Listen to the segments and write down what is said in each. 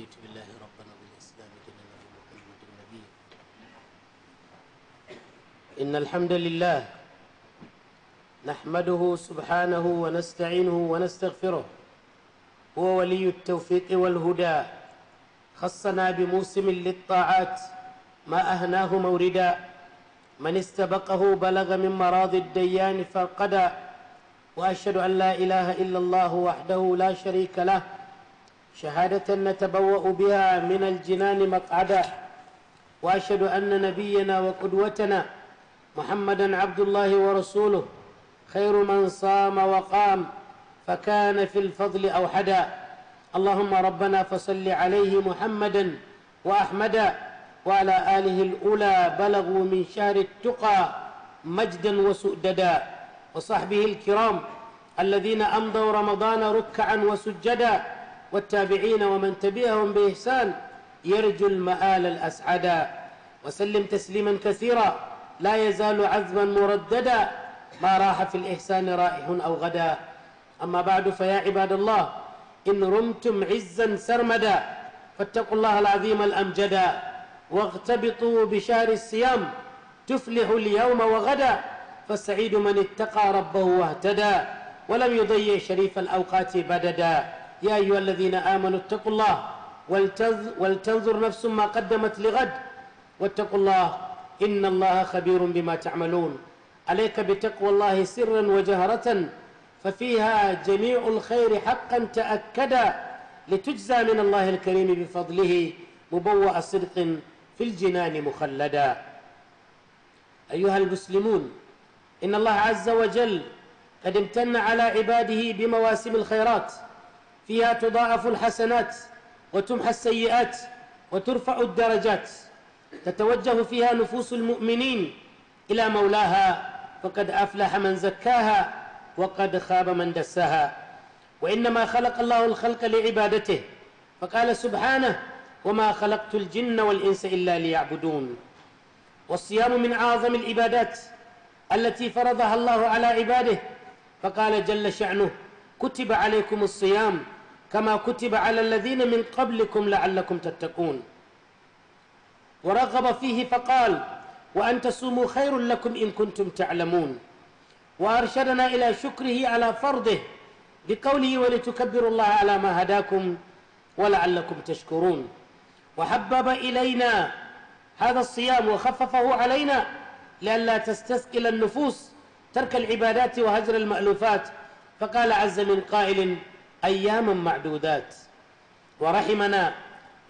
رضيت بالله ربنا وبالإسلام دينا ومحمد النبي إن الحمد لله نحمده سبحانه ونستعينه ونستغفره هو ولي التوفيق والهدى خصنا بموسم للطاعات ما أهناه موردا من استبقه بلغ من مراض الديان فقدا وأشهد أن لا إله إلا الله وحده لا شريك له شهادة نتبوأ بها من الجنان مقعدا وأشهد أن نبينا وقدوتنا محمدا عبد الله ورسوله خير من صام وقام فكان في الفضل أوحدا اللهم ربنا فصل عليه محمدا وأحمدا وعلى آله الأولى بلغوا من شهر التقى مجدا وسؤددا وصحبه الكرام الذين أمضوا رمضان ركعا وسجدا والتابعين ومن تبعهم بإحسان يرجو المآل الأسعدا وسلم تسليما كثيرا لا يزال عذبا مرددا ما راح في الإحسان رائح أو غدا أما بعد فيا عباد الله إن رمتم عزا سرمدا فاتقوا الله العظيم الأمجدا واغتبطوا بشهر الصيام تفلح اليوم وغدا فالسعيد من اتقى ربه واهتدى ولم يضيع شريف الأوقات بددا يا أيها الذين آمنوا اتقوا الله ولتنظر نفس ما قدمت لغد واتقوا الله إن الله خبير بما تعملون عليك بتقوى الله سرا وجهرة ففيها جميع الخير حقا تأكدا لتجزى من الله الكريم بفضله مبوأ صدق في الجنان مخلدا أيها المسلمون إن الله عز وجل قد امتن على عباده بمواسم الخيرات فيها تضاعف الحسنات وتمحى السيئات وترفع الدرجات تتوجه فيها نفوس المؤمنين إلى مولاها فقد أفلح من زكاها وقد خاب من دساها وإنما خلق الله الخلق لعبادته فقال سبحانه وما خلقت الجن والإنس إلا ليعبدون والصيام من أعظم العبادات التي فرضها الله على عباده فقال جل شأنه كتب عليكم الصيام كما كتب على الذين من قبلكم لعلكم تتقون ورغب فيه فقال وأن تصوموا خير لكم إن كنتم تعلمون وأرشدنا إلى شكره على فرضه بقوله ولتكبروا الله على ما هداكم ولعلكم تشكرون وحبب إلينا هذا الصيام وخففه علينا لئلا تستثقل النفوس ترك العبادات وهجر المألوفات فقال عز من قائل أياما معدودات ورحمنا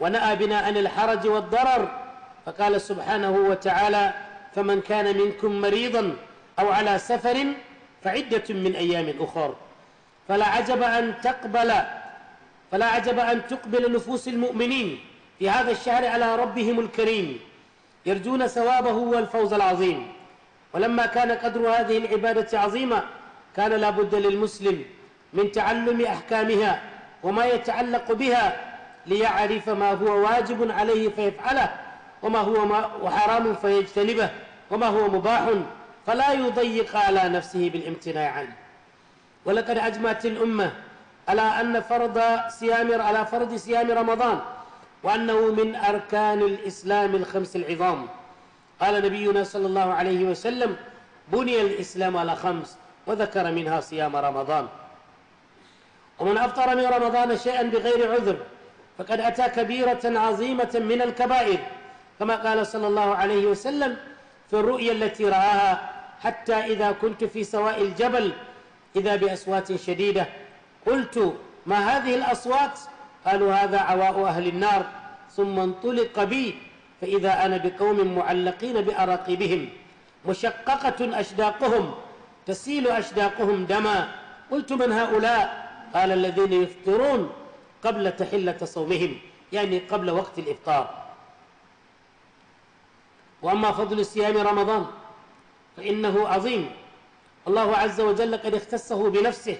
ونأى بنا عن الحرج والضرر فقال سبحانه وتعالى فمن كان منكم مريضا أو على سفر فعدة من أيام أخر فلا عجب أن تقبل فلا عجب أن تقبل نفوس المؤمنين في هذا الشهر على ربهم الكريم يرجون ثوابه والفوز العظيم ولما كان قدر هذه العبادة عظيمة كان لابد للمسلم من تعلم أحكامها وما يتعلق بها ليعرف ما هو واجب عليه فيفعله وما هو وحرام فيجتنبه وما هو مباح فلا يضيق على نفسه بالامتناع عنه ولقد أجمعت الأمة على أن فرض صيام على فرض صيام رمضان وأنه من أركان الإسلام الخمس العظام قال نبينا صلى الله عليه وسلم بني الإسلام على خمس وذكر منها صيام رمضان ومن أفطر من رمضان شيئا بغير عذر فقد أتى كبيرة عظيمة من الكبائر كما قال صلى الله عليه وسلم في الرؤيا التي رآها حتى إذا كنت في سواء الجبل إذا بأصوات شديدة قلت ما هذه الأصوات قالوا هذا عواء أهل النار ثم انطلق بي فإذا أنا بقوم معلقين بأراقبهم مشققة أشداقهم تسيل أشداقهم دما قلت من هؤلاء قال الذين يفطرون قبل تحلة صومهم يعني قبل وقت الإفطار وأما فضل صيام رمضان فإنه عظيم الله عز وجل قد اختصه بنفسه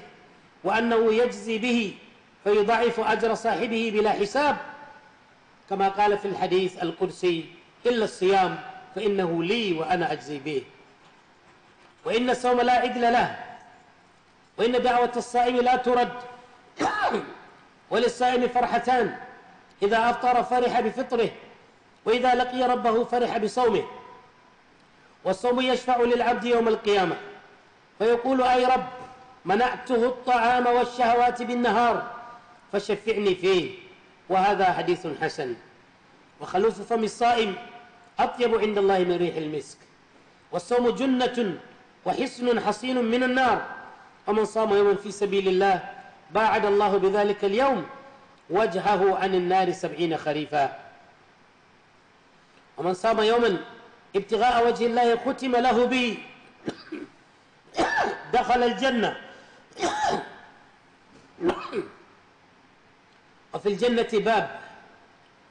وأنه يجزي به فيضاعف أجر صاحبه بلا حساب كما قال في الحديث القدسي إلا الصيام فإنه لي وأنا أجزي به وإن الصوم لا عدل له وإن دعوة الصائم لا ترد وللصائم فرحتان إذا أفطر فرح بفطره وإذا لقي ربه فرح بصومه والصوم يشفع للعبد يوم القيامة فيقول أي رب منعته الطعام والشهوات بالنهار فشفعني فيه وهذا حديث حسن وخلوص فم الصائم أطيب عند الله من ريح المسك والصوم جنة وحصن حصين من النار ومن صام يوما في سبيل الله باعد الله بذلك اليوم وجهه عن النار سبعين خريفا ومن صام يوما ابتغاء وجه الله ختم له به دخل الجنة وفي الجنة باب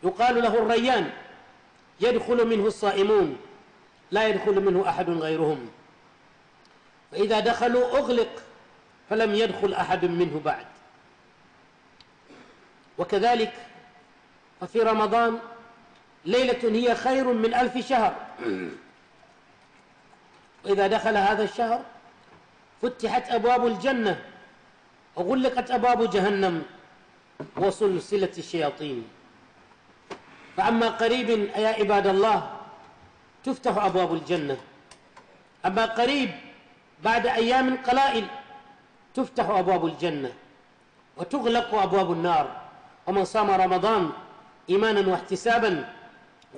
يقال له الريان يدخل منه الصائمون لا يدخل منه أحد غيرهم فإذا دخلوا أغلق فلم يدخل أحد منه بعد وكذلك ففي رمضان ليلة هي خير من ألف شهر وإذا دخل هذا الشهر فتحت أبواب الجنة وغلقت أبواب جهنم وسلسلة الشياطين فعما قريب يا عباد الله تفتح أبواب الجنة أما قريب بعد أيام قلائل تفتح أبواب الجنة وتغلق أبواب النار ومن صام رمضان إيمانا واحتسابا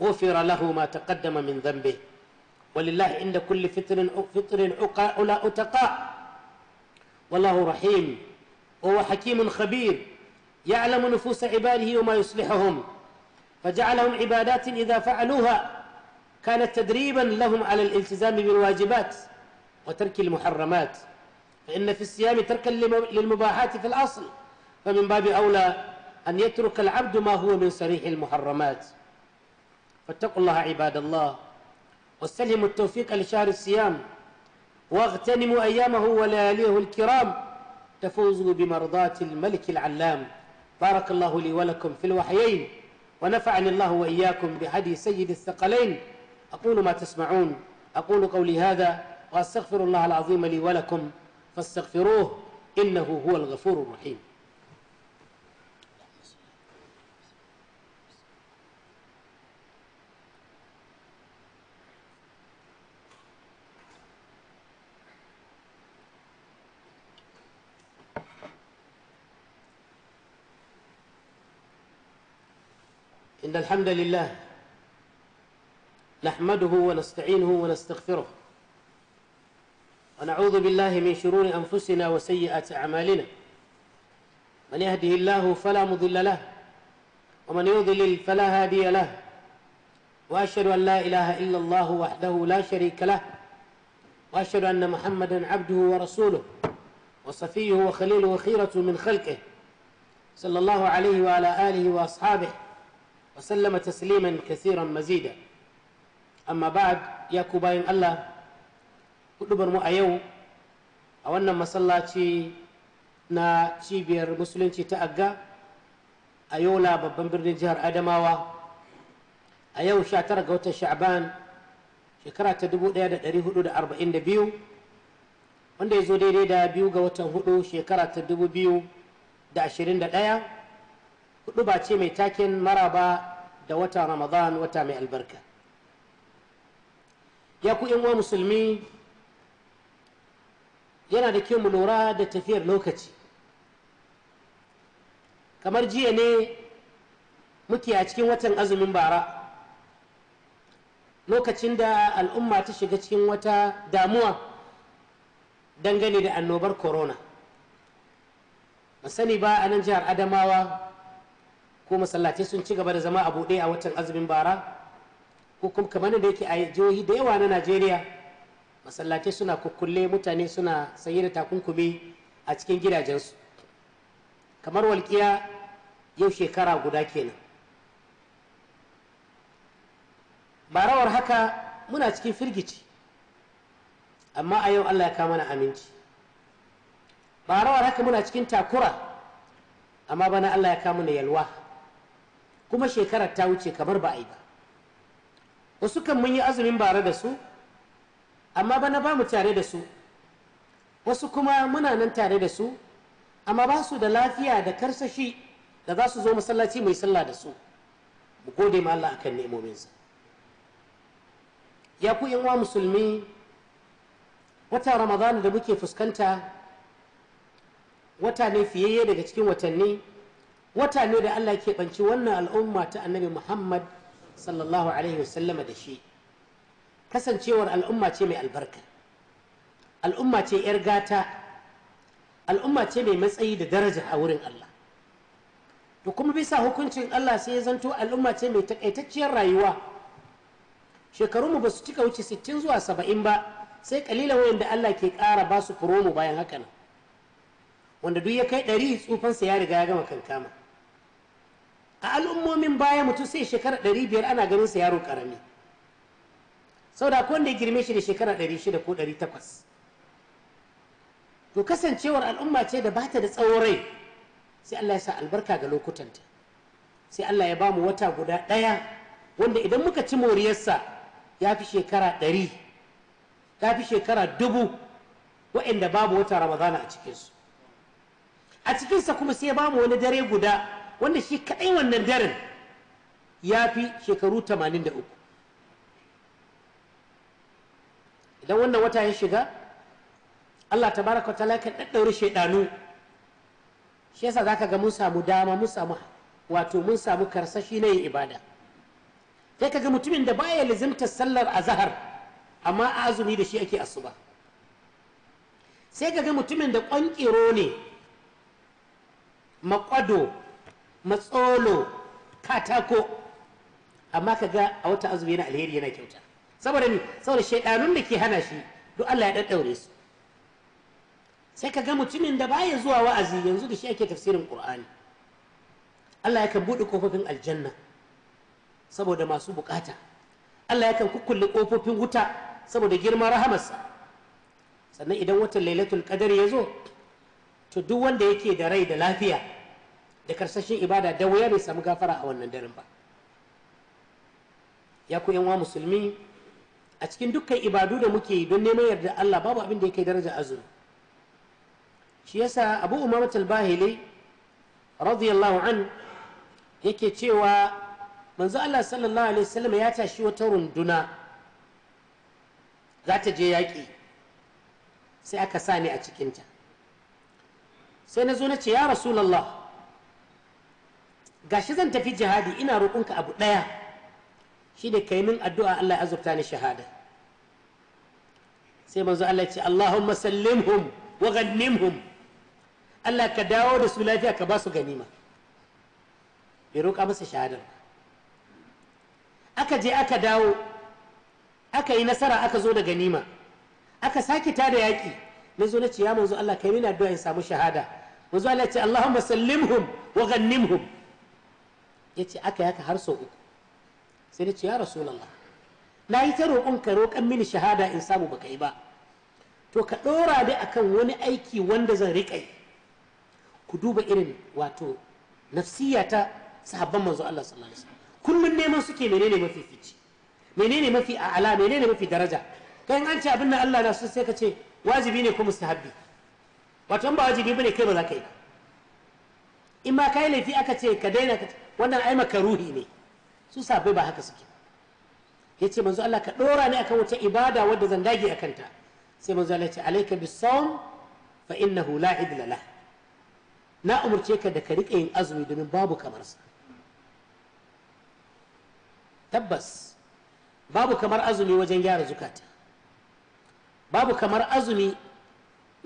غفر له ما تقدم من ذنبه ولله عند كل فطر فطر عقاء أتقاء والله رحيم وهو حكيم خبير يعلم نفوس عباده وما يصلحهم فجعلهم عبادات إذا فعلوها كانت تدريبا لهم على الالتزام بالواجبات وترك المحرمات فإن في الصيام تركا للمباحات في الأصل فمن باب أولى أن يترك العبد ما هو من صريح المحرمات فاتقوا الله عباد الله واستلهموا التوفيق لشهر الصيام واغتنموا أيامه ولياليه الكرام تفوزوا بمرضاة الملك العلام بارك الله لي ولكم في الوحيين ونفعني الله وإياكم بهدي سيد الثقلين أقول ما تسمعون أقول قولي هذا وأستغفر الله العظيم لي ولكم فاستغفروه إنه هو الغفور الرحيم إن الحمد لله نحمده ونستعينه ونستغفره ونعوذ بالله من شرور أنفسنا وسيئات أعمالنا من يهده الله فلا مضل له ومن يضلل فلا هادي له وأشهد أن لا إله إلا الله وحده لا شريك له وأشهد أن محمدا عبده ورسوله وصفيه وخليله وخيرة من خلقه صلى الله عليه وعلى آله وأصحابه وسلم تسليما كثيرا مزيدا أما بعد يا كوباين الله hudubar mu a yau a wannan masallaci na cibiyar musulunci ta agga a yola babban birnin jihar adamawa a yau 19 ga watan sha'ban shekara ta 1442 wanda ya zo daidai da biyu ga watan hudu shekara ta 2021 hudu ba ce mai takin maraba da wata ramadan wata mai albarka ya ku uwa musulmi yana da kyau mu lura da tafiyar lokaci kamar jiya ne muke a cikin watan azumin bara lokacin da al'umma ta shiga cikin wata damuwa dangane da annobar corona sani ba a nan jihar adamawa ko masallatai sun ci gaba da zama a buɗe a watan azumin bara ko kuma kamar da yake a jihohi da yawa na najeriya masallatai suna kukkulle mutane suna saye da takunkumi a cikin gidajensu kamar walƙiya yau shekara guda kenan barawar haka muna cikin firgici amma a yau allah ya kama na aminci barawar haka muna cikin takura amma bana allah ya kama na yalwa kuma shekarar ta wuce kamar ba a yi ba wasu kan mun yi azumin bara da su amma bana ba mu tare da su wasu kuma muna nan tare da su amma ba su da lafiya da karsashi da za su zo masallaci mai sallah da su mu gode ma Allah akan ni'imominsa ya ku yan musulmi wata ramadan da muke fuskanta wata ne fiyayye daga cikin watanni wata ne da Allah ke banci wannan al'umma ta annabi Muhammad sallallahu alaihi wasallama da shi kasancewar al'umma ce mai albarka al'umma ce 'yar gata al'umma ce mai matsayi da daraja a wurin Allah to kuma bisa hukuncin Allah sai ya zanto al'umma ce mai takaitacciyar rayuwa shekarunmu ba su cika wuce 60 zuwa 70 ba sai kalilan da Allah ke ƙara ba su promo bayan haka nan wanda duk ya kai ɗari tsufansa ya riga ya gama kankama a al'ummomin baya mutum sai shekara ɗari biyar ana ganin sa yaro karami sauda ko ya girme shi da shekara 600 ko 800 to kasancewar al'umma ce da bata da tsawon rai sai Allah ya sa albarka ga lokutanta sai Allah ya bamu wata guda ɗaya wanda idan muka ci moriyarsa ya fi shekara ɗari ya fi shekara dubu wa'inda babu wata ramadana a cikinsu a cikinsa kuma sai ya bamu wani dare guda wanda shi kaɗai wannan daren ya fi shekaru 83 idan wannan wata ya shiga Allah ta ta ta'ala kan daddaure shaidanu shi yasa zaka ga mun samu dama mun samu wato mun samu karsashi na yin ibada sai ka ga mutumin da baya lizimta sallar azahar, amma a azumi da shi ake asuba sai ka ga mutumin da ƙwanƙiro ne makwado matsolo katako amma ka ga a wata azumi yana alheri yana kyauta saboda ne saboda shaidanun da ke hana shi duk Allah ya daddaure su sai ka ga mutumin da baya zuwa wa'azi yanzu da shi ake tafsirin Qur'ani Allah yakan buɗe kofofin aljanna saboda masu buƙata Allah yakan kukkulle kofofin wuta saboda girma rahamarsa sannan idan watan lailatul qadar ya zo to duk wanda yake da rai da lafiya da karsashin ibada da wuya bai samu gafara a wannan daren ba ya ku yan wa musulmi a cikin dukkan ibadu da muke yi don neman yarda Allah babu abin da ya kai daraja azumi shi yasa Abu Umama talbahili radiyallahu an yake cewa manzo Allah sallallahu alaihi wasallam ya tashi wata runduna za ta je yaƙi sai aka sa ni a cikinta sai na zo na ce ya rasulallah gashi zan tafi jihadi ina roƙonka abu ɗaya shi da kai min addu'a Allah ya azurta ni shahada sai manzo Allah ya ce Allahumma sallimhum wa ghannimhum Allah ka dawo da su lafiya ka ba su ganima bai roƙa masa shahadar aka je aka dawo aka yi nasara aka zo da ganima aka sake tada yaƙi na zo na ce ya manzo Allah kai min addu'a in samu shahada manzo Allah ya ce Allahumma sallimhum wa ghannimhum ce aka yaka har sau uku sai da ce ya rasulallah na yi ta roƙon ka roƙon mini shahada in samu baka yi ba to ka ɗora a akan wani aiki wanda zan riƙa yi ku duba irin wato nafsiya ta sahabban manzo Allah sallallahu alaihi wasallam kullun neman suke menene mafi fici menene mafi a'ala menene mafi daraja kai an ce abin nan Allah na so sai ka ce wajibi ne ko mustahabbi wato an ba wajibi bane kai ba za ka yi ba in ma kai laifi aka ce ka daina wannan ai makaruhi ne su sabai ba haka suke ya ce manzo Allah ka ɗora ne akan wata ibada wadda zan dage a kanta sai manzo Allah ya ce alaika bis sawm fa innahu la idla lah na umurce ka da ka rika yin azumi domin babu kamar sa tabbas babu kamar azumi wajen gyara zukata babu kamar azumi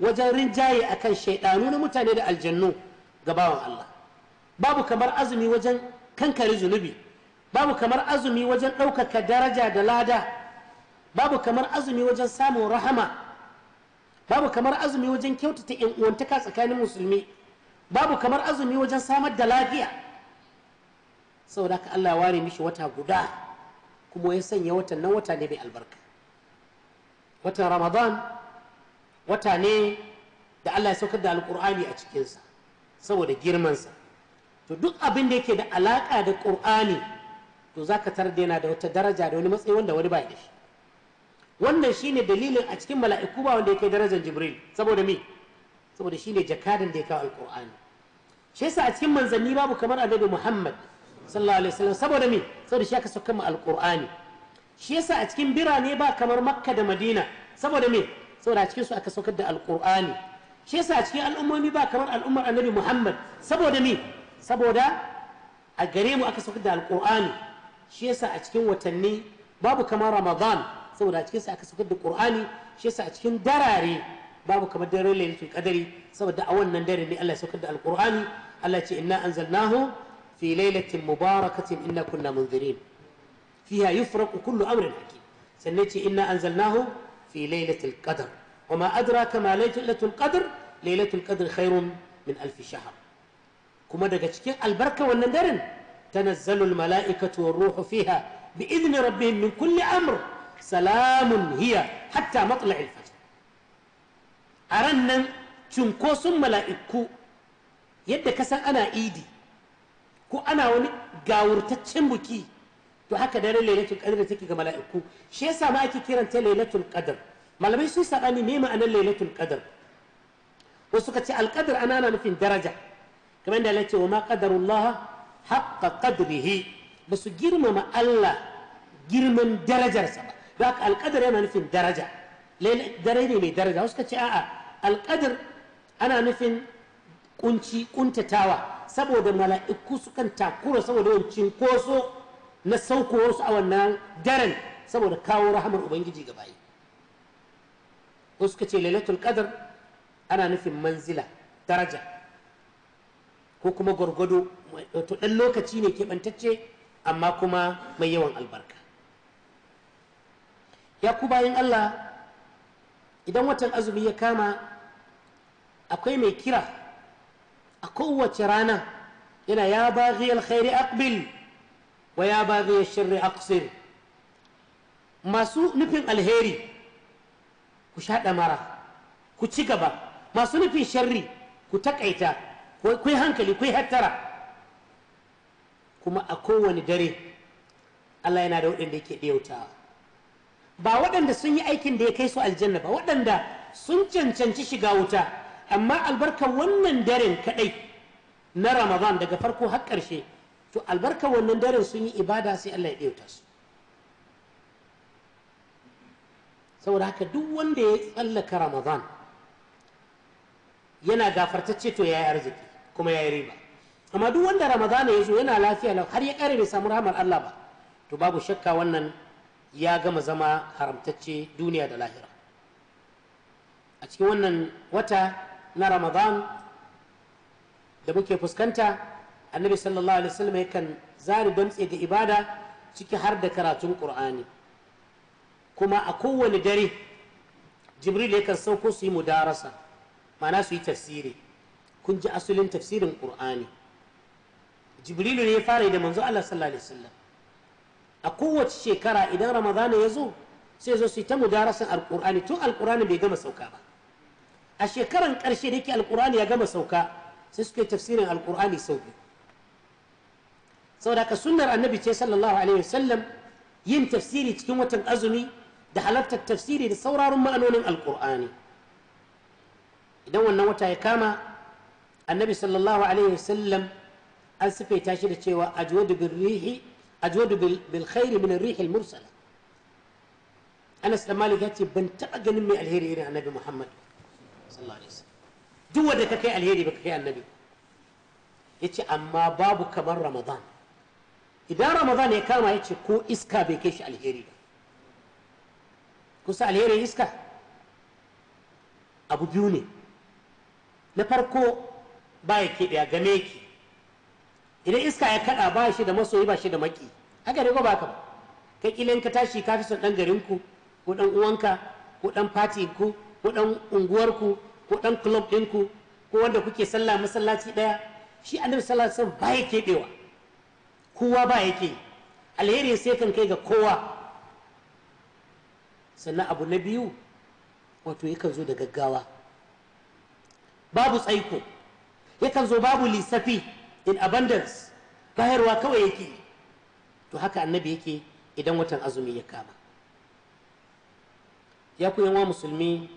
wajen rinjaye akan shaidanu na mutane da aljannu ga bawan Allah babu kamar azumi wajen kankare zunubi babu kamar azumi wajen ɗaukaka daraja da lada babu kamar azumi wajen samun rahama babu kamar azumi wajen kyautata yan uwantaka tsakanin musulmi babu kamar azumi wajen samar da lafiya saboda ka Allah ware mishi wata guda kuma ya sanya watan nan wata ne mai albarka watan ramadan wata ne da Allah ya saukar da alkur'ani a cikinsa saboda girmansa to duk abin da yake da alaƙa da ƙur'ani to za ka tarar da da wata daraja da wani matsayi wanda wani ba da shi wannan shine dalilin a cikin mala'iku ba wanda kai darajar jibril saboda me saboda shine jakadan da ya kawo alqur'ani shi yasa a cikin manzanni babu kamar annabi muhammad sallallahu alaihi wasallam saboda me saboda shi aka sauka mu alqur'ani shi yasa a cikin birane ba kamar makka da madina saboda me saboda a cikin su aka saukar da alqur'ani shi yasa a cikin al'ummomi ba kamar al'ummar annabi muhammad saboda me saboda a gare mu aka saukar da alqur'ani shi yasa a cikin watanni babu kamar ramadan saboda a cikinsa aka saukar da qur'ani shi yasa a cikin darare babu kamar dare lailatul qadari saboda a wannan dare ne Allah ya saukar da alqur'ani Allah ce inna anzalnahu fi lailatin mubarakatin inna kunna munzirin fiha yufraqu kullu amrin hakim sannan ce inna anzalnahu fi lailatul qadr وما أدراك ما ليلة القدر ليلة القدر خير من ألف شهر kuma daga cikin albarka wannan daren تنزل الملائكة والروح فيها بإذن ربهم من كل أمر سلام هي حتى مطلع الفجر أرنا تنكوس mala'iku yadda ka san ana idi ko ana wani gawurtaccen buki to haka dare lailatul qadr take ga mala'iku shi yasa ma ake kiranta lailatul qadr malamai sun sabani me ma'anar lailatul qadr wasu ka ce alqadr ana na nufin daraja kamar da Allah ce wa ma qadarullah haqqa qadrihi ba su girmama Allah girman darajarsa ba don haka alƙadar yana nufin daraja dare ne mai daraja wasu ka ce a'a alƙadar ana nufin kunci kuntatawa saboda mala'iku su kan takura saboda yawan cinkoso na su a wannan daren saboda kawo rahamar ubangiji ga bayi wasu ka ce lailatul qadar ana nufin manzila daraja ko kuma gwargwado wato ɗan lokaci ne keɓantacce amma kuma mai yawan albarka ya ku bayan allah idan watan azumi ya kama akwai mai kira a kowace rana yana ya baghi alkhairi aqbil wa ya baghi shirri aqsir masu nufin alheri ku sha ɗamara ku ci gaba masu nufin sharri ku taƙaita ku hankali ku hattara kuma a kowane dare Allah yana da waɗanda yake ɗautawa ba waɗanda sun yi aikin da ya kai su aljanna ba waɗanda sun cancanci shiga wuta amma albarkar wannan daren kaɗai na ramadan daga farko har ƙarshe to albarkar wannan daren sun yi ibada sai Allah ya ɗauta su saboda haka duk wanda ya tsallaka ramadan yana gafartacce to yayi arziki kuma yayi riba amma duk wanda ramadana ya zo yana lafiya lau har ya kare bai samu rahmar Allah ba to babu shakka wannan ya gama zama haramtacce duniya da lahira a cikin wannan wata na ramadan da muke fuskanta annabi sallallahu alaihi wasallam yakan zari damtse ga ibada ciki har da karatun qur'ani kuma a kowane dare jibril yakan sauko su yi mudarasa ma'ana su yi tafsiri kun ji asulin tafsirin ƙur'ani jibrilu ne ya fara da manzo Allah sallallahu alaihi wasallam a kowace shekara idan ramadana ya zo sai zo su yi ta mudarasin alqur'ani tun alkur'ani bai gama sauka ba a shekaran karshe da yake alqur'ani ya gama sauka sai suka yi tafsirin alqur'ani sau biyu saboda sunnar annabi ce sallallahu alaihi wasallam yin tafsiri cikin watan azumi da halartar tafsiri da sauraron ma'anonin alqur'ani idan wannan wata ya kama annabi sallallahu alaihi wasallam an sifaita shi da cewa ajwadu bil rihi ajwadu bil khairi min rihi al mursala Anas dan Malik ya ce ban taba ganin mai alheri irin annabi Muhammad sallallahu alaihi wasallam duk wanda ka kai alheri baka kai annabi yace amma babu kamar Ramadan idan Ramadan ya kama yace ko iska bai kai shi alheri ba kusa alheri iska abu biyu ne na farko ba ya keɓe a game ki idan iska ya kaɗa ba shi da masoyi ba shi da maki haka ne ko ba ka ba ka kilan ka tashi ka fi son ɗan garinku ko ɗan uwanka ko ɗan fati ku ko ɗan unguwarku ko ɗan club ɗinku ko wanda kuke sallah masallaci ɗaya shi annabi sallallahu alaihi wasallam ya keɓewa kowa ba ya ke alheri sai kan kai ga kowa sannan abu na biyu wato yakan zo da gaggawa babu tsaiko yakan zo babu lissafi in abundance bayarwa kawai yake to haka annabi yake idan watan azumi ya kama ya ku yanwa musulmi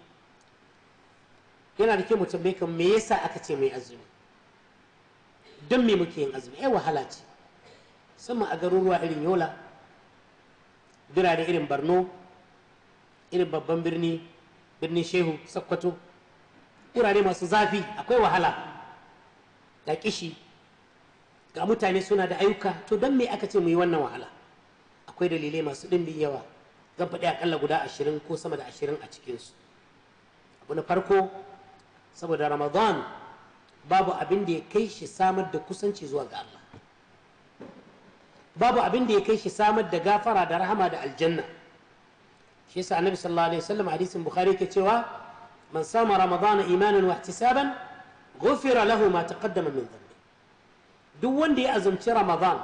yana da kyau mu kan me yasa aka ce mai azumi don me muke yin azumi ai eh, wahala ce sama a garuruwa irin yola birane irin barno irin babban birni birnin shehu sakkwato wurare masu zafi akwai wahala ga kishi ga mutane suna da ayyuka to don me aka ce mu yi wannan wahala akwai dalilai masu ɗimbin yawa zan faɗi akalla guda ashirin ko sama da ashirin a cikinsu abu na farko saboda ramadan babu abin da ya kai shi samar da kusanci zuwa ga Allah babu abin da ya kai shi samar da gafara da rahama da aljanna shi yasa annabi sallallahu alaihi wasallam hadisin bukhari ke cewa من صام رمضان إيمانا واحتسابا غفر له ما تقدم من ذنبه duk wanda ya azumci ramadan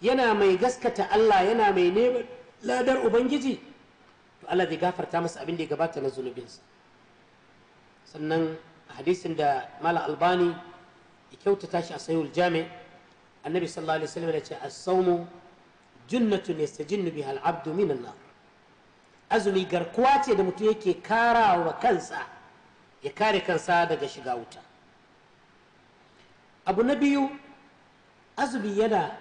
yana mai gaskata Allah yana mai neman ubangiji to Allah zai gafarta masa abin da ya gabata na zunubinsa sannan hadisin da mala albani ya kyautata shi a sayul jami annabi sallallahu alaihi wasallam ya ce as-sawmu junnatun yastajinnu biha al-abdu min an azumi garkuwa ce da mutum yake karawa kansa ya kare kansa daga shiga wuta abu na biyu azumi yana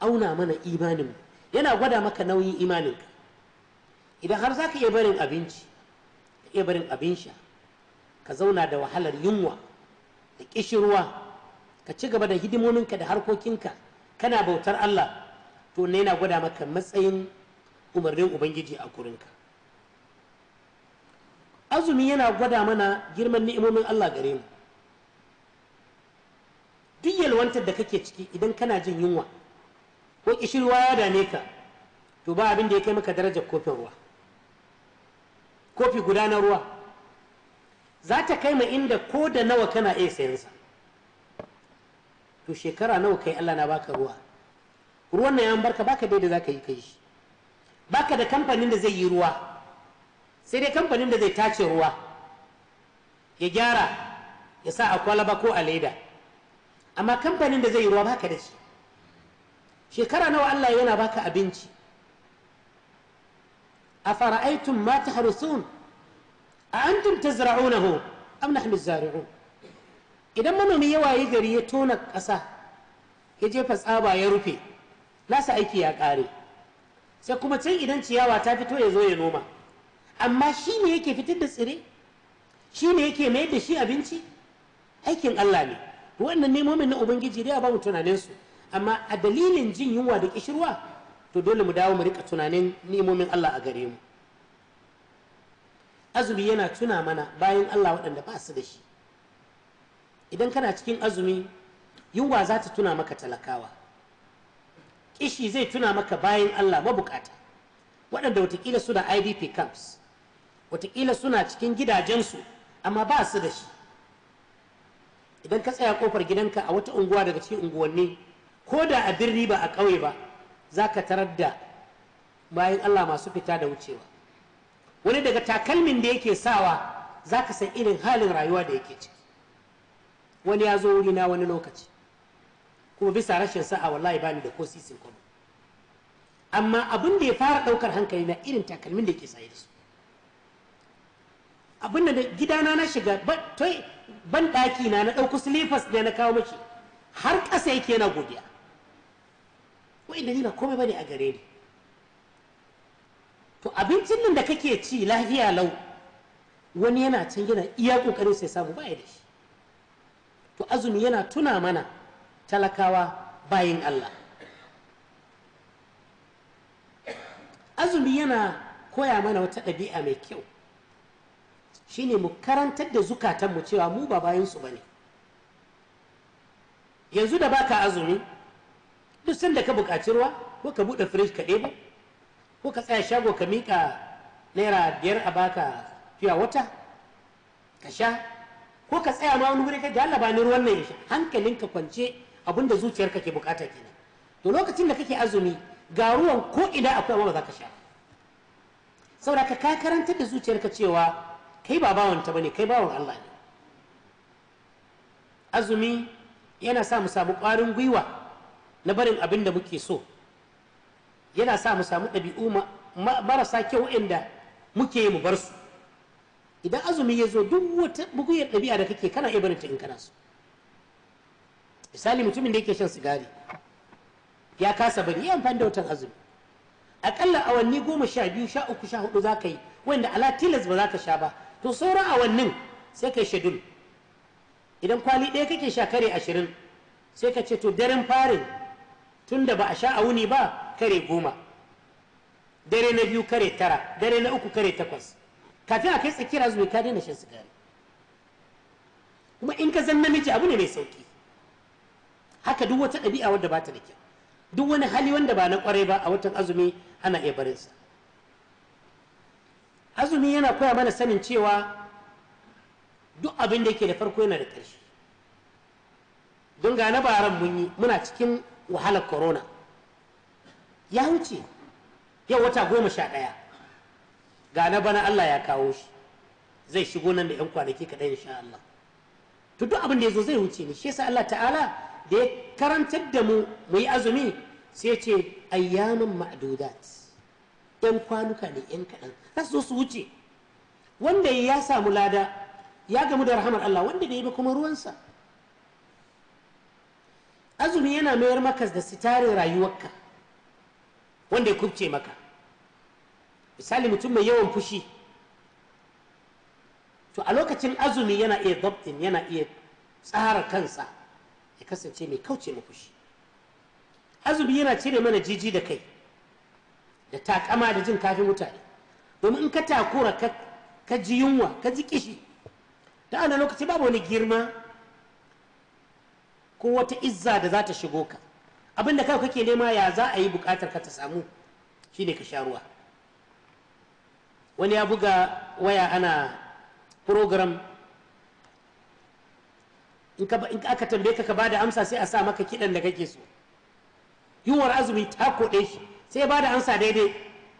auna mana imanin yana gwada maka nauyin imaninka idan har za ka iya barin abinci ka iya barin abin sha ka zauna da wahalar yunwa da ƙishirwa ka ci gaba da hidimominka da harkokinka kana bautar allah to ne yana gwada maka matsayin umarnin ubangiji a kurinka azumi yana gwada mana girman ni'imomin Allah gare mu duk yalwantar da kake ciki idan kana jin yunwa ko kishirwa ya dame ka to ba abin da ya kai maka darajar kofin ruwa kofi guda na ruwa za ta kai ma inda ko da nawa kana iya sayansa to shekara nawa kai Allah na baka ruwa ruwan nan ya barka baka da za ka yi kai shi baka da kamfanin da zai yi ruwa sai dai kamfanin da zai tace ruwa ya gyara ya sa a kwalaba ko a leda amma kamfanin da zai yi ruwa baka da shi shekara nawa Allah yana baka abinci A أفرأيتم harusun a an تزرعونه أم نحن الزارعون idan manomi yawa ya gari ya tona ƙasa ya jefa tsaba ya rufe nasa aiki ya ƙare sai kuma can idan ciyawa ta fito ya zo ya noma amma shi ne yake fitar da tsire shi ne yake mai da shi abinci aikin Allah ne wannan nemomin na ubangiji da ba mu tunanin su amma a dalilin jin yunwa da kishirwa to dole mu dawo mu rika tunanin nemomin Allah a gare mu azumi yana tuna mana bayan Allah waɗanda ba su da shi idan kana cikin azumi yunwa za ta tuna maka talakawa kishi zai tuna maka bayan Allah mabukata waɗanda watakila su da idp camps wataƙila suna cikin gidajensu amma ba su da shi idan ka tsaya kofar gidanka a wata unguwa daga cikin unguwanni ko da a birni ba a ƙauye ba za ka tarar da bayan allah masu fita da wucewa wani daga takalmin da yake sawa za ka san irin halin rayuwa da yake ciki wani ya zo wurina wani lokaci kuma bisa rashin sa'a wallahi bani da ko sisin kuma amma abin da ya fara ɗaukar hankali na irin takalmin da yake saye da su abin da gidana na shiga ban ɗaki na na ɗauku silifas ne na kawo mashi har kasa yake yana godiya da ni ba komai ba ne a gare ni to abincin nan da kake ci lafiya lau wani yana can yana iya ƙoƙarin sai samu baya da shi to azumi yana tuna mana talakawa bayin Allah azumi yana koya mana wata ɗabi'a mai kyau shine mu karantar da zukatan mu cewa mu ba bayansu ba ne yanzu da baka azumi duk da ka buƙaci ruwa ko ka buɗe firij ka ɗebo ko ka tsaya shago ka miƙa naira biyar a baka fiya wata ka sha ko ka tsaya ma wani wuri ka ga ni ruwan nan ya sha ka kwance zuciyar zuciyarka ke bukata ke to lokacin da kake azumi ga ruwan ko ina akwai ba za ka sha saboda ka karantar da zuciyar ka cewa kai ba bawanta bane kai bawan Allah ne azumi yana sa mu samu ƙwarin gwiwa na barin abin da muke so yana sa mu samu ɗabi'u marasa kyau inda muke mu bar su idan azumi ya zo duk wata buguyar ɗabi'a da kake kana iya barin ta in kana so misali mutumin da yake shan sigari ya kasa bari ya amfani da watan azumi akalla awanni goma sha biyu sha uku sha hudu za ka yi wanda ala tilas ba za ka sha ba to sauran awannin sai kai shedul idan kwali ɗaya kake sha kare ashirin sai ka ce to daren farin tun da ba a sha a wuni ba kare goma dare na biyu kare tara dare na uku kare takwas kafin a kai tsakiyar azumi ka daina shan sigari kuma in ka zan namiji abu ne mai sauki haka duk wata ɗabi'a wadda ba ta da kyau duk wani hali wanda ba na kwarai ba a watan azumi ana iya barinsa azumi yana koya mana sanin cewa duk abin da yake da farko yana da ƙarshe don ga na baran mun yi muna cikin wahalar corona ya wuce yau wata goma sha ɗaya ga bana Allah ya kawo shi zai shigo nan da 'yan kwanaki kaɗai insha Allah to duk abin da ya zo zai wuce ne shi yasa Allah ta'ala da ya karantar da mu mu yi azumi sai ce ayyamin ma'dudat yan kwanuka ne yan kaɗan za su zo su wuce wanda ya samu lada ya gamu da rahamar Allah wanda bai ba kuma ruwansa azumi yana mayar maka da sitarin rayuwarka wanda ya kubce maka misali mutum mai yawan fushi to a lokacin azumi yana iya dabtin yana iya tsara kansa ya kasance mai kauce ma fushi azumi yana cire mana jiji da kai da takama da jin kafin mutane domin in ka takura ka ji yunwa ka ji kishi ta ana lokaci babu wani girma ko wata izza da za ta shigo ka abinda kawai kake nema ya za a yi bukatar ka ta samu shine ka sha ruwa wani ya buga waya ana program in aka tambaye ka ka bada amsa sai a sa maka kidan da kake so yuwar azumi ta koɗe shi sai ba da amsa daidai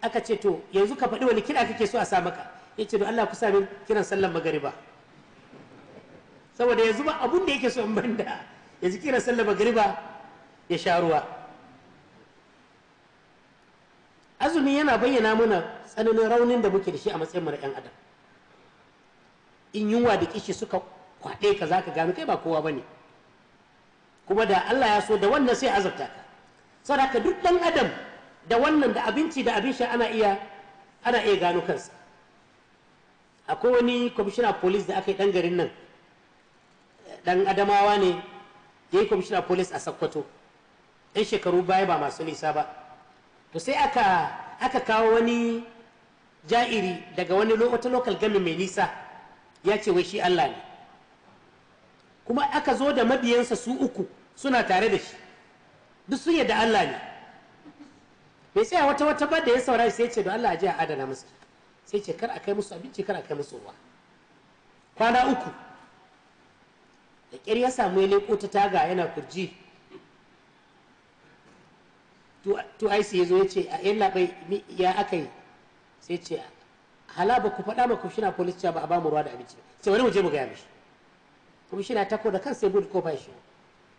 aka ce to yanzu ka faɗi wani kira kake so a sa maka ya ce Allah ku sami kiran sallan magariba saboda yanzu ba abun da yake so in banda yanzu kiran sallan magariba ya sha ruwa azumi yana bayyana mana tsananin raunin da muke da shi a matsayin mara 'yan adam in yunwa da kishi suka kwaɗe ka za ka gano kai ba kowa ba ne kuma da Allah ya so da wannan sai azabta ka saboda duk ɗan adam da wannan da abinci da abin sha ana iya ana iya gano kansa akwai wani kwamishina police da aka yi dangarin garin nan dan adamawa ne ya yi kwamishina police a sakkwato yan shekaru baya ba masu nisa ba to sai aka aka kawo wani ja'iri daga wani wata lokal gami mai nisa ya ce wai shi allah ne kuma aka zo da mabiyansa su uku suna tare da shi duk sun yadda allah ne bai tsaya wata wata ba da ya saurari sai ce don Allah ji a adana musu sai ce kar a kai musu abinci kar a kai musu ruwa kwana uku da ƙyar ya samu ya leƙo ta taga yana kurji to ai sai ya zo ya ce a yan labai ya aka yi sai ce hala ba ku faɗa ma kwamishina police ba a ba mu ruwa da abinci sai wani mu je mu gaya mishi kwamishina ta ko da kansa ya ko ba shi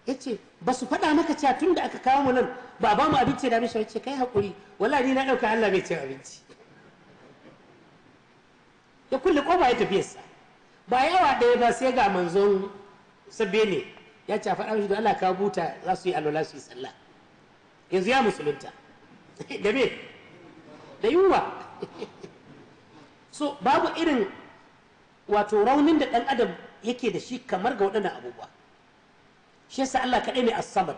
yace ce ba su faɗa maka cewa tun da aka kawo mu nan ba ba mu abinci da mishi ce kai hakuri wallahi na ɗauka Allah bai cin abinci ya kulle ƙofa ya tafi yasa ba yawa ɗaya ba sai ga manzon sabbe ne ya ce a faɗa mishi da Allah ka buta za su yi alola su yi sallah yanzu ya musulunta da me da yunwa so babu irin wato raunin da ɗan adam yake da shi kamar ga waɗannan abubuwa shi yasa Allah kaɗai ne a samad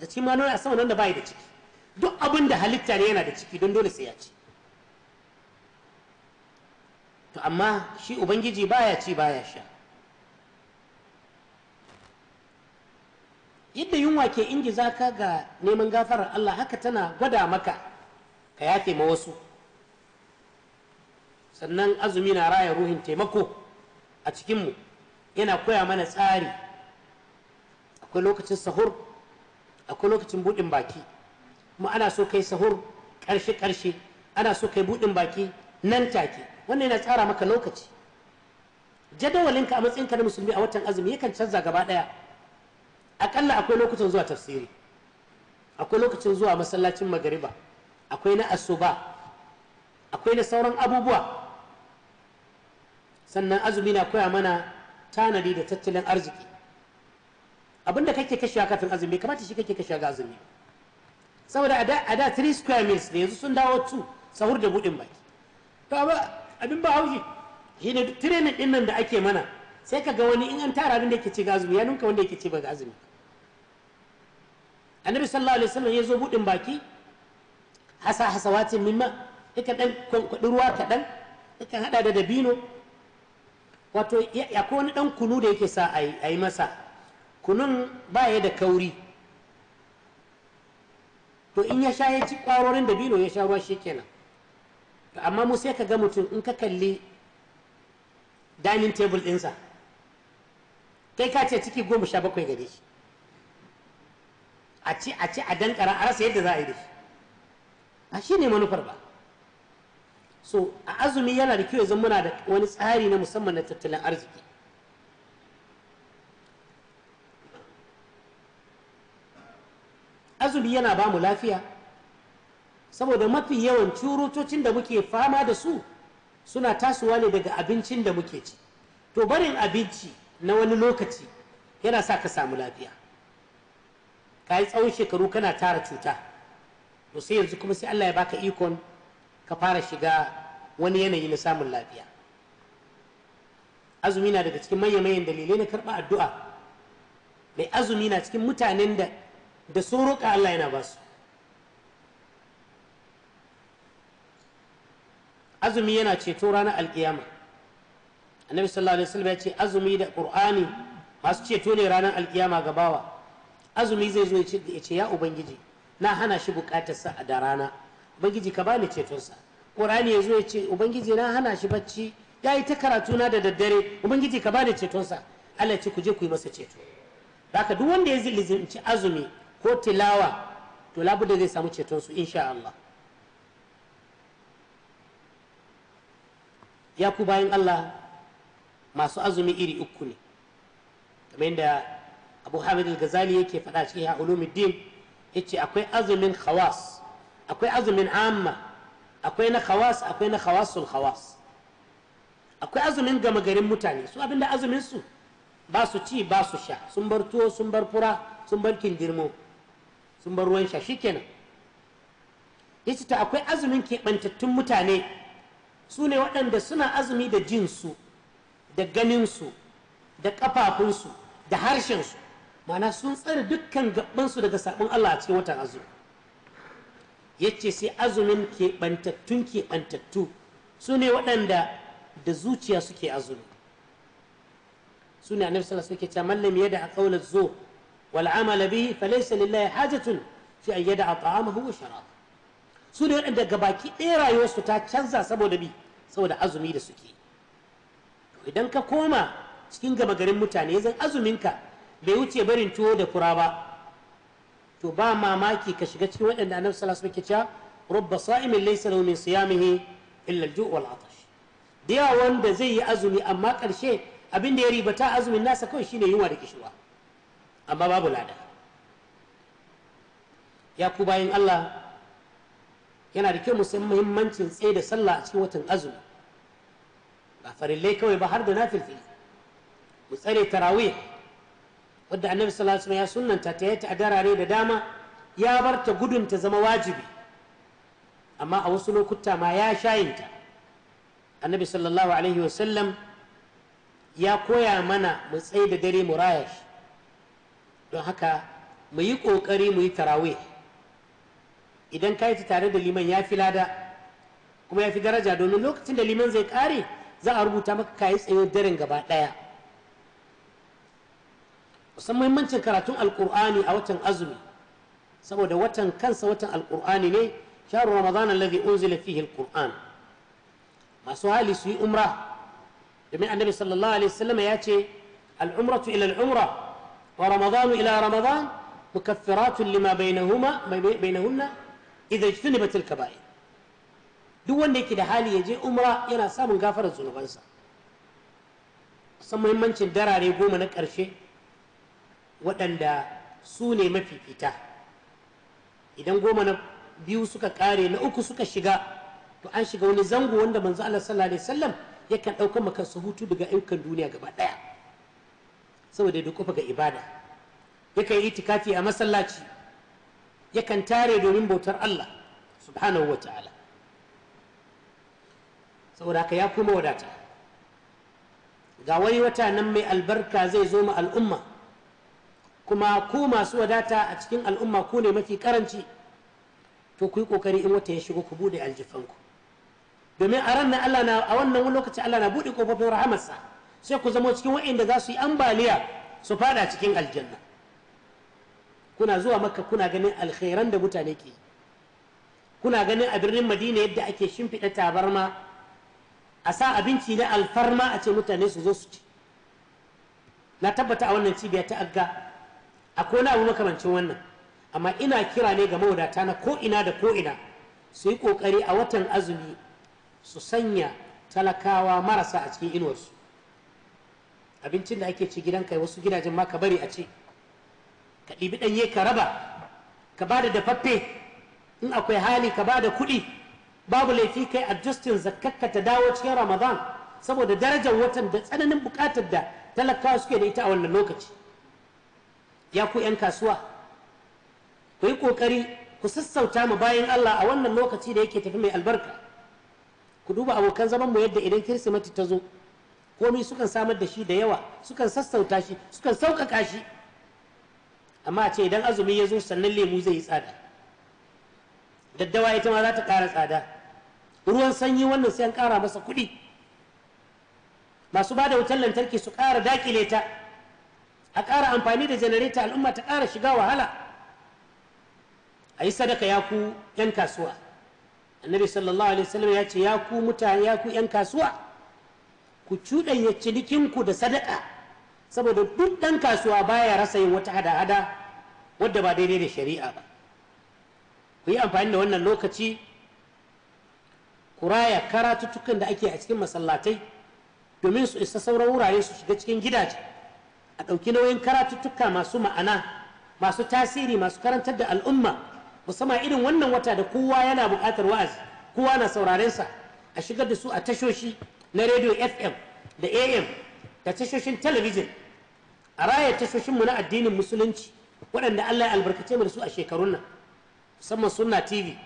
da cikin manoyi as-samad wanda bai da ciki duk abin da halitta ne yana da ciki don dole sai ya ci to amma shi ubangiji baya ci baya sha yadda yunwa ke ingiza ka ga neman gafarar Allah haka tana gwada maka ka yafe ma wasu sannan azumi na raya ruhin taimako a cikinmu yana koya mana tsari akwai lokacin sahur akwai lokacin buɗin baki kuma ana so kai sahur ƙarshe ƙarshe ana so kai buɗin baki nan take wannan yana tsara maka lokaci jadawalinka a matsayinka na musulmi a watan azumi yakan canza gaba ɗaya akalla akwai lokacin zuwa tafsiri akwai lokacin zuwa masallacin magariba akwai na asuba akwai na sauran abubuwa sannan azumi na koya mana tanadi da tattalin arziki abinda kake kashewa kafin azumi kamata shi kake kashewa ga azumi saboda a da 3 square meals da yanzu sun dawo 2 sahur da budin baki to abin ba haushi shi ne training din nan da ake mana sai ka ga wani in an tara abin da yake ci ga azumi ya nunka wanda yake ci ba ga azumi annabi sallallahu alaihi wasallam ya zo budin baki hasa hasawatin mimma yake dan kwankwaɗi ruwa kaɗan yakan haɗa da dabino wato ya wani ɗan kunu da yake sa a yi masa kunun ba ya da kauri to in ya sha ya ci kwarorin dabino ya sha ruwa shi kenan to amma mu sai ka ga mutum in ka kalli dining table ɗinsa kai ka ce ciki goma sha bakwai gare shi a ci a ci a dankara a rasa yadda za a yi da shi a shi ne manufar ba so a azumi yana da kyau zama muna da wani tsari na musamman na tattalin arziki azumi yana ba mu lafiya saboda mafi yawan curutocin da muke fama da su suna tasowa ne daga abincin da muke ci to barin abinci na wani lokaci yana sa ka samu lafiya ka yi tsawon shekaru kana tara cuta to sai yanzu kuma sai Allah ya baka ikon ka fara shiga wani yanayi na samun lafiya azumi na daga cikin manya-manyan dalilai na karɓa addu'a mai azumi na cikin mutanen da da sun roƙa Allah yana ba su azumi yana ceto ranar alkiyama annabi sallallahu alaihi wasallam ya ce azumi da qur'ani masu ceto ne ranar alkiyama ga bawa azumi zai zo ya ce ya ubangiji na hana shi bukatarsa a da rana ubangiji ka bani cetonsa qur'ani ya zo ya ce ubangiji na hana shi bacci ya yi ta karatu na da daddare ubangiji ka bani cetonsa Allah ce ku je ku yi masa ceto haka duk wanda ya ci azumi ko tilawa to labuda zai samu ceton su insha Allah ya ku bayan Allah masu azumi iri uku ne kamar yadda abu hamid al-ghazali yake faɗa cikin ya ulumuddin yace akwai azumin khawas akwai azumin amma akwai na khawas akwai na khawasul khawas akwai azumin gama garin mutane su abinda azumin su ba su ci ba su sha sun bar tuwo sun bar fura sun bar kindirmo sun bar ruwan sha shikenan ce ta akwai azumin keɓantattun mutane su ne waɗanda suna azumi da jinsu da ganinsu da ƙafafunsu da harshensu mana sun tsare dukkan gabansu daga sabon Allah a cikin watan azumi ce sai azumin keɓantattun keɓantattu su ne waɗanda da zuciya suke azumi su ne a sallallahu alaihi wasallam cewa mallam yadda a ƙaunar zo والعمل به فليس لله حاجة في أن يدع طعامه وشرابه su ne waɗanda gabaki ɗaya rayuwarsu ta canza saboda bi saboda azumi da suke idan ka koma cikin gama garin mutane zan azuminka bai wuce barin tuwo da fura ba to ba mamaki ka shiga cikin waɗanda annabi sallallahu alaihi wasallam ke rubba sa'imin laysa lahu min siyamihi illa al-ju' wal atash wanda zai yi azumi amma ƙarshe abin da ya ribata azumin nasa kawai shine yunwa da kishuwa amma babu lada ya ku bayan Allah yana da kyau musan mahimmancin tsaye da sallah a cikin watan azumi ba farillai kawai ba har da nafilfili mu tsare tarawih wadda annabi sallallahu alaihi ya sunnanta ta yayi a darare da dama ya bar ta gudun ta zama wajibi amma a wasu lokuta ma ya shayinta annabi sallallahu alaihi wasallam ya koya mana mu tsaye da dare mu raya shi don haka mu yi ƙoƙari mu yi tarawe idan ka yi ta tare da liman ya fi lada kuma ya fi daraja domin lokacin da liman zai ƙare za a rubuta maka kayi tsayo daren gaba ɗaya musamman muhimmancin karatun alƙur'ani a watan azumi saboda watan kansa watan alƙur'ani ne shahar ramadan alladhi unzila fihi alqur'an masu hali su yi umra domin annabi sallallahu alaihi wasallam ya ce al'umratu ila al'umra ورمضان إلى رمضان مكفرات لما بينهما بينهن إذا اجتنبت الكبائر duk wanda yake da hali ya je umra yana samun gafarar zunubansa san muhimmancin darare goma na karshe waɗanda su ne mafi fita idan goma na biyu suka ƙare na uku suka shiga to an shiga wani zango wanda manzo Allah sallallahu sallam yakan ɗaukar maka hutu daga ayyukan duniya gaba ɗaya saboda da kufa ga ibada yakan yi itikafi a masallaci yakan tare domin bautar Allah subhanahu wa ta'ala saboda haka ya kuma wadata ga wani wata nan mai albarka zai zo ma al'umma kuma ku masu wadata a cikin al'umma ku ne mafi karanci to ku yi kokari in wata ya shigo ku bude aljifanku domin a ran Allah na a wannan lokaci Allah na bude kofofin rahamarsa sai ku zama cikin waɗanda za su yi ambaliya su fada cikin aljanna kuna zuwa makka kuna ganin alkhairan da mutane ke yi kuna ganin a birnin madina yadda ake shimfiɗa tabarma a sa abinci na alfarma a ce mutane su zo su ci na tabbata a wannan cibiya ta agga akwai na abu makamancin wannan amma ina kira ne ga mawadata na ko'ina da ko'ina su yi ƙoƙari a watan azumi su sanya talakawa marasa a cikin inuwarsu abincin da ake ci gidan kai wasu gidajen ma ka bari a ce ka ɗibi ɗanye ka raba ka ba da dafaffe in akwai hali ka ba da kuɗi babu laifi kai adjustin zakakka ta dawo cikin ramadan saboda darajar watan da tsananin buƙatar da talakawa suke da ita a wannan lokaci ya ku 'yan kasuwa ku yi ƙoƙari ku sassauta mu bayan allah a wannan lokaci da yake tafi mai albarka ku duba abokan zaman mu yadda idan kirsimeti ta zo komai sukan samar da shi da yawa sukan sassauta shi sukan sauƙaƙa shi amma a ce idan azumi ya zo sannan lemu zai yi tsada daddawa ita ma za ta ƙara tsada ruwan sanyi wannan sai an ƙara masa kuɗi masu ba da wutar lantarki su ƙara daƙile ta a ƙara amfani da janareta al'umma ta ƙara shiga wahala a yi sadaka ya ku 'yan kasuwa annabi sallallahu alaihi wasallam ya ce ya ku mutane ya ku 'yan kasuwa ku cuɗanya cinikinku da sadaka saboda duk ɗan kasuwa baya rasa yin wata hada-hada wadda ba daidai da shari'a ba ku yi amfani da wannan lokaci ku raya karatuttukan da ake a cikin masallatai domin su isa sauran wurare su shiga cikin gidaje a ɗauki nauyin karatuttuka masu ma'ana masu tasiri masu karantar da al'umma musamman irin wannan wata da kowa yana buƙatar wa'azi kowa na saurarensa a shigar da su a tashoshi na rediyo fm da am da tashoshin talabijin a raya tashoshinmu na addinin musulunci waɗanda allah ya albarkace mu da su a shekarun nan musamman sunna tv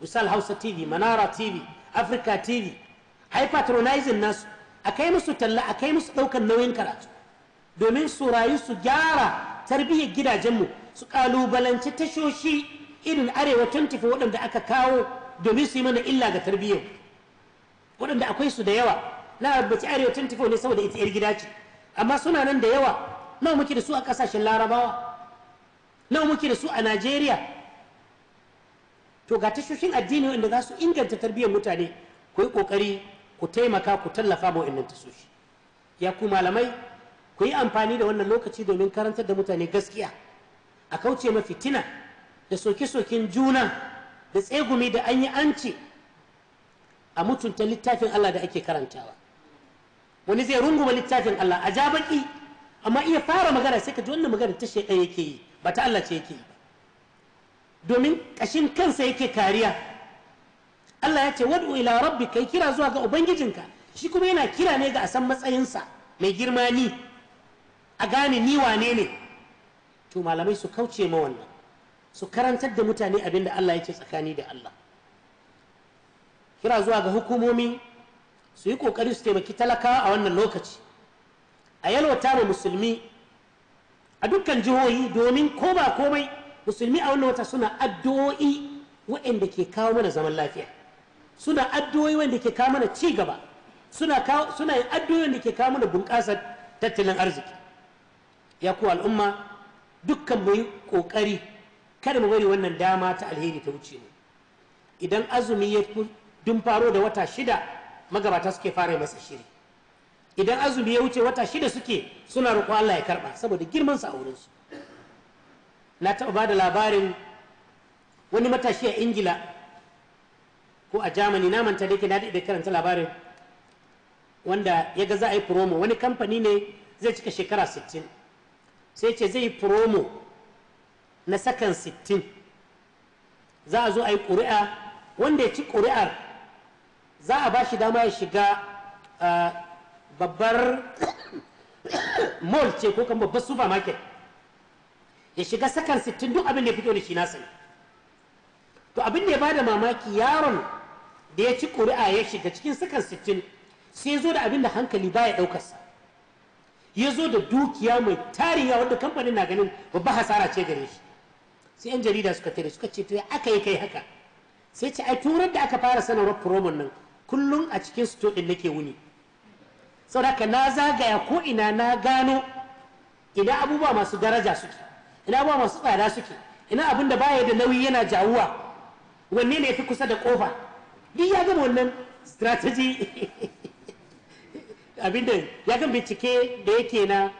misal hausa tv manara tv africa tv ai patronizing nasu a kai musu talla a kai musu ɗaukar nauyin karatu domin su rayu su gyara tarbiyyar gidajenmu su ƙalubalanci tashoshi irin arewa 24 waɗanda aka kawo domin su yi mana illa ga tarbiyyar waɗanda akwai su da yawa na arbaci arewa 24 ne saboda ita 'yar gida ce amma suna nan da yawa nawa muke da su a ƙasashen larabawa nawa muke da su a najeriya to ga tashoshin addini wanda za su inganta tarbiyyar mutane ku yi ƙoƙari ku taimaka ku tallafa ma wa'annan tashoshi ya ku malamai ku yi amfani da wannan lokaci domin karantar da mutane gaskiya a kauce ma fitina da soke-soken juna da tsegumi da an yi an ce a mutunta littafin Allah da ake karantawa wani zai runguma littafin Allah a ja baki amma iya fara magana sai ka ji wannan magana ta shaidan yake yi ba ta Allah ce yake yi ba domin kashin kansa yake kariya Allah ya ce wad'u ila rabbika kai kira zuwa ga ubangijinka shi kuma yana kira ne ga a san matsayinsa mai girma ni a gane ni wane ne to malamai su kauce ma wannan su karantar da mutane abin da Allah yake tsakani da Allah kira zuwa ga hukumomi su yi kokari su taimaki talakawa a wannan lokaci a yalwata ma musulmi a dukkan jihohi domin ko ba komai musulmi a wannan wata suna addu'o'i waɗanda ke kawo mana zaman lafiya suna addu'o'i waɗanda ke kawo mana ci gaba suna suna yin addu'o'i waɗanda ke kawo mana bunƙasar tattalin arziki ya ku al'umma dukkan mu yi ƙoƙari kada mu bari wannan dama ta alheri ta wuce mu idan azumi ya dun faro da wata shida magabata suke fara masa shiri idan azumi ya wuce wata shida suke suna roƙon Allah ya karɓa saboda girman sa a wurin su na taɓa bada labarin wani matashi a ingila ko a jamani na manta da yake na da karanta labarin wanda ya ga za a yi promo wani kamfani ne zai cika shekara 60 sai ce zai yi promo na sakan 60 za a zo a yi ƙuri'a wanda ya ci ƙuri'ar za a ba shi dama ya shiga babbar mall ce ko kan babbar supermarket ya shiga sakan sittin duk abin da ya fito da shi nasa ne to abin da ya bada mamaki yaron da ya ci ƙuri'a ya shiga cikin sakan sittin sai ya zo da abin da hankali ba baya ɗaukarsa ya zo da dukiya mai tariya wanda kamfanin na ganin babbar hasara ce gare shi sai 'yan jarida suka tare suka ce to ya aka yi kai haka sai ce ai turar da aka fara sanarwar promo nan kullum a cikin sto ɗin nake wuni saboda na zagaya ko ina na gano ina abubuwa masu daraja suke ina abubuwa masu tsada suke ina abin da baya da nauyi yana jawuwa wanne ne fi kusa da kofa duk ya gama wannan strategy abin da ya gama bincike da yake na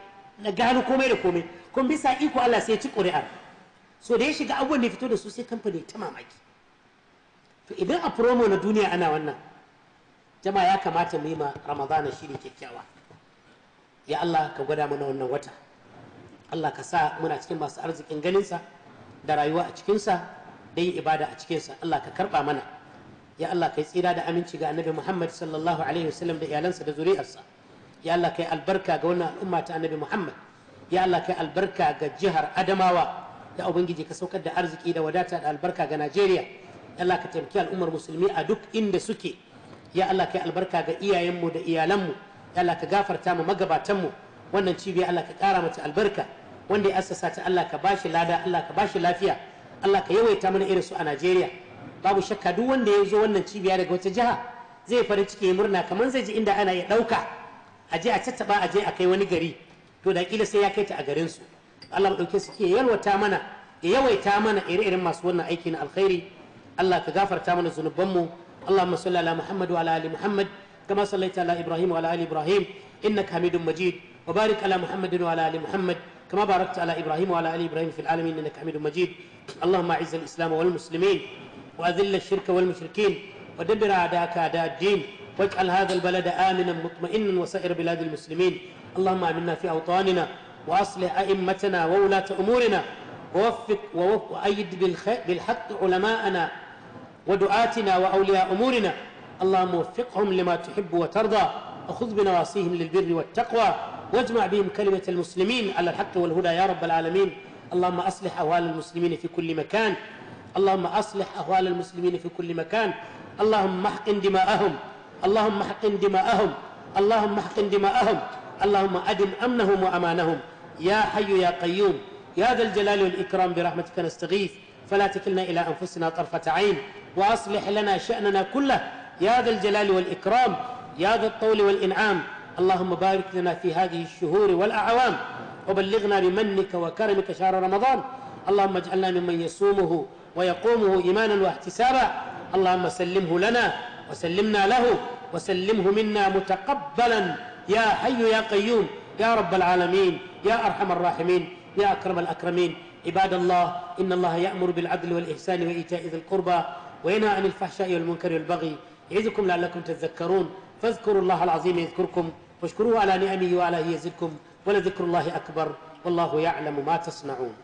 na gano komai da komai kuma bisa iko Allah sai ci ƙuri'ar so da ya shiga abubuwan da fito da su sai kamfani ta mamaki to idan a promo na duniya ana wannan jama'a ya kamata mu yi ma ramadana shi shiri kyakkyawa ya Allah ka gwada mana wannan wata Allah ka sa muna cikin masu arzikin ganinsa da rayuwa a cikinsa da yin ibada a cikinsa Allah ka karba mana ya Allah ka yi tsira da aminci ga annabi Muhammad sallallahu alaihi wasallam da iyalansa da zuri'arsa ya Allah ka yi albarka ga wannan al'umma ta annabi Muhammad ya Allah ka yi albarka ga jihar Adamawa ya ubangiji ka saukar da arziki da wadata da albarka ga Najeriya ya Allah ka taimaki al'ummar musulmi a duk inda suke ya Allah ka yi albarka ga iyayenmu da iyalanmu ya Allah ka gafarta mu magabatanmu wannan cibiya Allah ka kara mata albarka wanda ya assasa ta Allah ka bashi lada Allah ka bashi lafiya Allah ka yawaita mana irin su a Najeriya babu shakka duk wanda ya zo wannan cibiya daga wata jiha zai farin ciki ya murna kamar zai ji inda ana ya dauka a je a tattaba a je a kai wani gari to da kila sai ya kai ta a garin su Allah mu dauke su ke yalwata mana ya yawaita mana ire irin masu wannan aiki na alkhairi Allah ka gafarta mana zunubanmu mu اللهم صل على محمد وعلى ال محمد كما صليت على ابراهيم وعلى ال ابراهيم انك حميد مجيد وبارك على محمد وعلى ال محمد كما باركت على ابراهيم وعلى ال ابراهيم في العالمين انك حميد مجيد اللهم اعز الاسلام والمسلمين واذل الشرك والمشركين ودبر اعداءك اعداء الدين واجعل هذا البلد امنا مطمئنا وسائر بلاد المسلمين اللهم امنا في اوطاننا واصلح ائمتنا وولاه امورنا ووفق ووفق وايد بالحق علماءنا ودعاتنا وأولياء أمورنا اللهم وفقهم لما تحب وترضى وخذ بنواصيهم للبر والتقوى واجمع بهم كلمة المسلمين على الحق والهدى يا رب العالمين اللهم أصلح أهوال المسلمين في كل مكان اللهم أصلح أهوال المسلمين في كل مكان اللهم احقن دماءهم اللهم احقن دماءهم اللهم احقن دماءهم اللهم أدم أمنهم وأمانهم يا حي يا قيوم يا ذا الجلال والإكرام برحمتك نستغيث فلا تكلنا إلى أنفسنا طرفة عين وأصلح لنا شأننا كله يا ذا الجلال والإكرام يا ذا الطول والإنعام اللهم بارك لنا في هذه الشهور والأعوام وبلغنا بمنك وكرمك شهر رمضان اللهم اجعلنا ممن يصومه ويقومه إيمانا واحتسابا اللهم سلمه لنا وسلمنا له وسلمه منا متقبلا يا حي يا قيوم يا رب العالمين يا أرحم الراحمين يا أكرم الأكرمين عباد الله إن الله يأمر بالعدل والإحسان وإيتاء ذي القربى وينهى عن الفحشاء والمنكر والبغي يعظكم لعلكم تذكرون فاذكروا الله العظيم يذكركم واشكروه على نعمه وعلى يزدكم ولذكر الله أكبر والله يعلم ما تصنعون